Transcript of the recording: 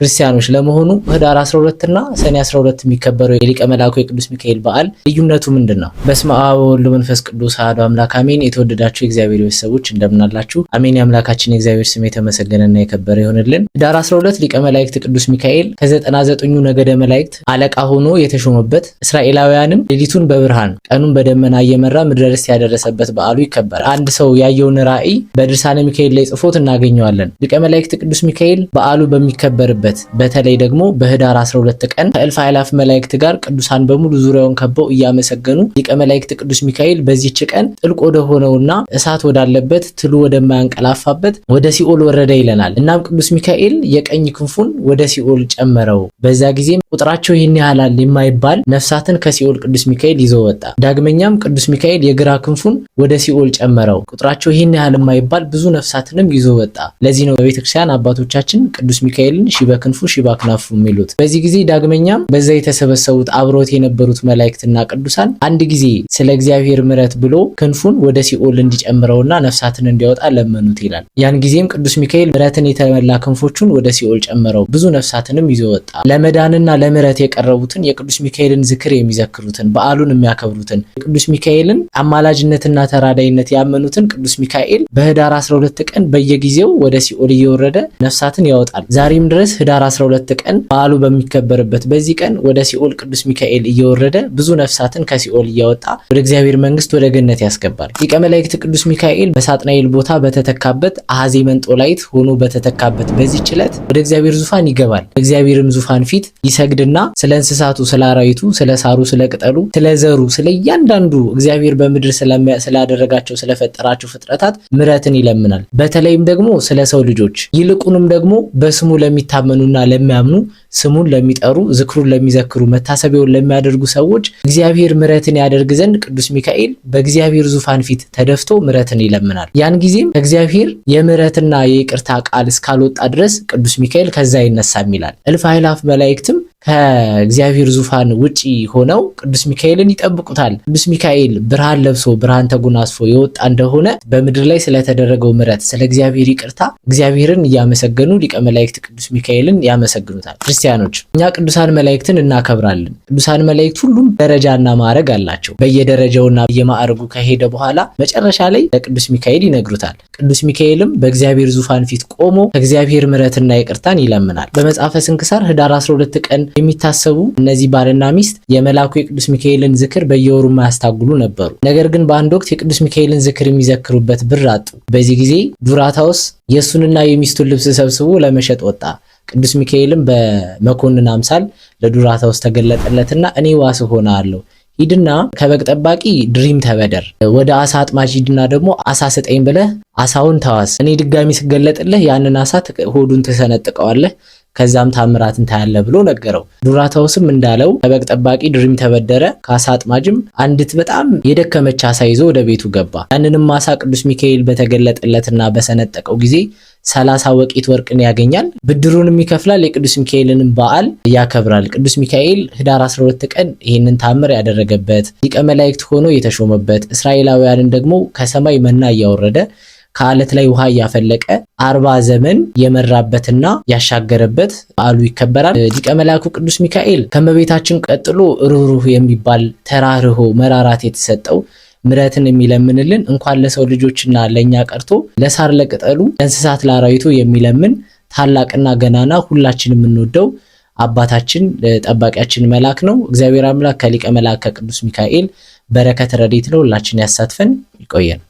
ክርስቲያኖች ለመሆኑ ህዳር 12 እና ሰኔ 12 የሚከበረው የሊቀ መላኩ የቅዱስ ሚካኤል በዓል ልዩነቱ ምንድን ነው? በስመ አብ ወወልድ ወመንፈስ ቅዱስ አሐዱ አምላክ አሜን። የተወደዳችሁ የእግዚአብሔር ቤት ሰዎች እንደምናላችሁ አሜን። የአምላካችን የእግዚአብሔር ስም የተመሰገነና የከበረ ይሆንልን። ህዳር 12 ሊቀ መላእክት ቅዱስ ሚካኤል ከ99ኙ ነገደ መላእክት አለቃ ሆኖ የተሾመበት እስራኤላውያንም ሌሊቱን በብርሃን ቀኑን በደመና እየመራ ምድረ ርስት ያደረሰበት በዓሉ ይከበራል። አንድ ሰው ያየውን ራእይ በድርሳነ ሚካኤል ላይ ጽፎት እናገኘዋለን። ሊቀ መላእክት ቅዱስ ሚካኤል በዓሉ በሚከበርበት አለበት። በተለይ ደግሞ በህዳር 12 ቀን ከእልፍ አእላፍ መላእክት ጋር ቅዱሳን በሙሉ ዙሪያውን ከበው እያመሰገኑ ሊቀ መላእክት ቅዱስ ሚካኤል በዚህች ቀን ጥልቅ ወደ ሆነውና እሳት ወዳለበት ትሉ ወደማያንቀላፋበት ወደ ሲኦል ወረደ ይለናል። እናም ቅዱስ ሚካኤል የቀኝ ክንፉን ወደ ሲኦል ጨመረው። በዛ ጊዜም ቁጥራቸው ይህን ያህላል የማይባል ነፍሳትን ከሲኦል ቅዱስ ሚካኤል ይዞ ወጣ። ዳግመኛም ቅዱስ ሚካኤል የግራ ክንፉን ወደ ሲኦል ጨመረው። ቁጥራቸው ይህን ያህል የማይባል ብዙ ነፍሳትንም ይዞ ወጣ። ለዚህ ነው በቤተክርስቲያን አባቶቻችን ቅዱስ ሚካኤልን ሺ በክንፉ ሺ ባክናፉ የሚሉት። በዚህ ጊዜ ዳግመኛም በዛ የተሰበሰቡት አብሮት የነበሩት መላእክትና ቅዱሳን አንድ ጊዜ ስለ እግዚአብሔር ምረት ብሎ ክንፉን ወደ ሲኦል እንዲጨምረውና ነፍሳትን እንዲያወጣ ለመኑት ይላል። ያን ጊዜም ቅዱስ ሚካኤል ምረትን የተመላ ክንፎቹን ወደ ሲኦል ጨመረው፣ ብዙ ነፍሳትንም ይዞ ወጣ። ለመዳንና ለምረት የቀረቡትን የቅዱስ ሚካኤልን ዝክር የሚዘክሩትን በዓሉን የሚያከብሩትን የቅዱስ ሚካኤልን አማላጅነትና ተራዳይነት ያመኑትን ቅዱስ ሚካኤል በህዳር 12 ቀን በየጊዜው ወደ ሲኦል እየወረደ ነፍሳትን ያወጣል። ዛሬም ድረስ ህዳር 12 ቀን በዓሉ በሚከበርበት በዚህ ቀን ወደ ሲኦል ቅዱስ ሚካኤል እየወረደ ብዙ ነፍሳትን ከሲኦል እያወጣ ወደ እግዚአብሔር መንግስት ወደ ገነት ያስገባል። ሊቀ መላእክት ቅዱስ ሚካኤል በሳጥናኤል ቦታ በተተካበት አሐዜ መንጦላይት ሆኖ በተተካበት በዚህ ጭለት ወደ እግዚአብሔር ዙፋን ይገባል። በእግዚአብሔርም ዙፋን ፊት ይሰግ ንግድና ስለ እንስሳቱ፣ ስለ አራዊቱ፣ ስለ ሳሩ፣ ስለ ቅጠሉ፣ ስለ ዘሩ፣ ስለ እያንዳንዱ እግዚአብሔር በምድር ስላደረጋቸው ስለፈጠራቸው ፍጥረታት ምረትን ይለምናል። በተለይም ደግሞ ስለ ሰው ልጆች ይልቁንም ደግሞ በስሙ ለሚታመኑና ለሚያምኑ ስሙን ለሚጠሩ ዝክሩን ለሚዘክሩ መታሰቢያውን ለሚያደርጉ ሰዎች እግዚአብሔር ምረትን ያደርግ ዘንድ ቅዱስ ሚካኤል በእግዚአብሔር ዙፋን ፊት ተደፍቶ ምረትን ይለምናል። ያን ጊዜም ከእግዚአብሔር የምረትና የይቅርታ ቃል እስካልወጣ ድረስ ቅዱስ ሚካኤል ከዛ ይነሳም ይላል። እልፍ አእላፍ መላእክትም ከእግዚአብሔር ዙፋን ውጪ ሆነው ቅዱስ ሚካኤልን ይጠብቁታል። ቅዱስ ሚካኤል ብርሃን ለብሶ ብርሃን ተጎናጽፎ የወጣ እንደሆነ በምድር ላይ ስለተደረገው ምረት፣ ስለ እግዚአብሔር ይቅርታ እግዚአብሔርን እያመሰገኑ ሊቀ መላእክት ቅዱስ ሚካኤልን ያመሰግኑታል። ክርስቲያኖች እኛ ቅዱሳን መላእክትን እናከብራለን። ቅዱሳን መላእክት ሁሉም ደረጃና ማዕረግ አላቸው። በየደረጃውና በየማዕረጉ ከሄደ በኋላ መጨረሻ ላይ ለቅዱስ ሚካኤል ይነግሩታል። ቅዱስ ሚካኤልም በእግዚአብሔር ዙፋን ፊት ቆሞ ከእግዚአብሔር ምሕረትና ይቅርታን ይለምናል። በመጽሐፈ ስንክሳር ህዳር 12 ቀን የሚታሰቡ እነዚህ ባልና ሚስት የመላኩ የቅዱስ ሚካኤልን ዝክር በየወሩ ማያስታጉሉ ነበሩ። ነገር ግን በአንድ ወቅት የቅዱስ ሚካኤልን ዝክር የሚዘክሩበት ብር አጡ። በዚህ ጊዜ ዱራታውስ የእሱንና የሚስቱን ልብስ ሰብስቦ ለመሸጥ ወጣ። ቅዱስ ሚካኤልም በመኮንን አምሳል ለዱራታውስ ተገለጠለትና እኔ ዋስ ሆናለሁ ሂድና ከበግ ጠባቂ ድሪም ተበደር፣ ወደ አሳ አጥማጅ ሂድና ደግሞ አሳ ስጠኝ ብለህ አሳውን ተዋስ። እኔ ድጋሚ ስገለጥልህ ያንን አሳ ሆዱን ትሰነጥቀዋለህ ከዛም ታምራት እንታያለ ብሎ ነገረው። ዱራታውስም እንዳለው ከበግ ጠባቂ ድሪም ተበደረ፣ ከአሳ አጥማጅም አንዲት በጣም የደከመች አሳ ይዞ ወደ ቤቱ ገባ። ያንንም አሳ ቅዱስ ሚካኤል በተገለጠለትና በሰነጠቀው ጊዜ ሰላሳ ወቂት ወርቅን ያገኛል። ብድሩንም ይከፍላል። የቅዱስ ሚካኤልንም በዓል ያከብራል። ቅዱስ ሚካኤል ህዳር 12 ቀን ይህንን ታምር ያደረገበት ሊቀ መላእክት ሆኖ የተሾመበት፣ እስራኤላውያንን ደግሞ ከሰማይ መና እያወረደ ከአለት ላይ ውሃ እያፈለቀ አርባ ዘመን የመራበትና ያሻገረበት በዓሉ ይከበራል። ሊቀ መላኩ ቅዱስ ሚካኤል ከመቤታችን ቀጥሎ ርኅሩህ የሚባል ተራርሆ መራራት የተሰጠው ምረትን የሚለምንልን እንኳን ለሰው ልጆችና ለእኛ ቀርቶ ለሳር ለቅጠሉ፣ ለእንስሳት ለአራዊቱ የሚለምን ታላቅና ገናና ሁላችን የምንወደው አባታችን ጠባቂያችን መልአክ ነው። እግዚአብሔር አምላክ ከሊቀ መልአክ ከቅዱስ ሚካኤል በረከት ረዴት ለሁላችን ያሳትፈን። ይቆየን።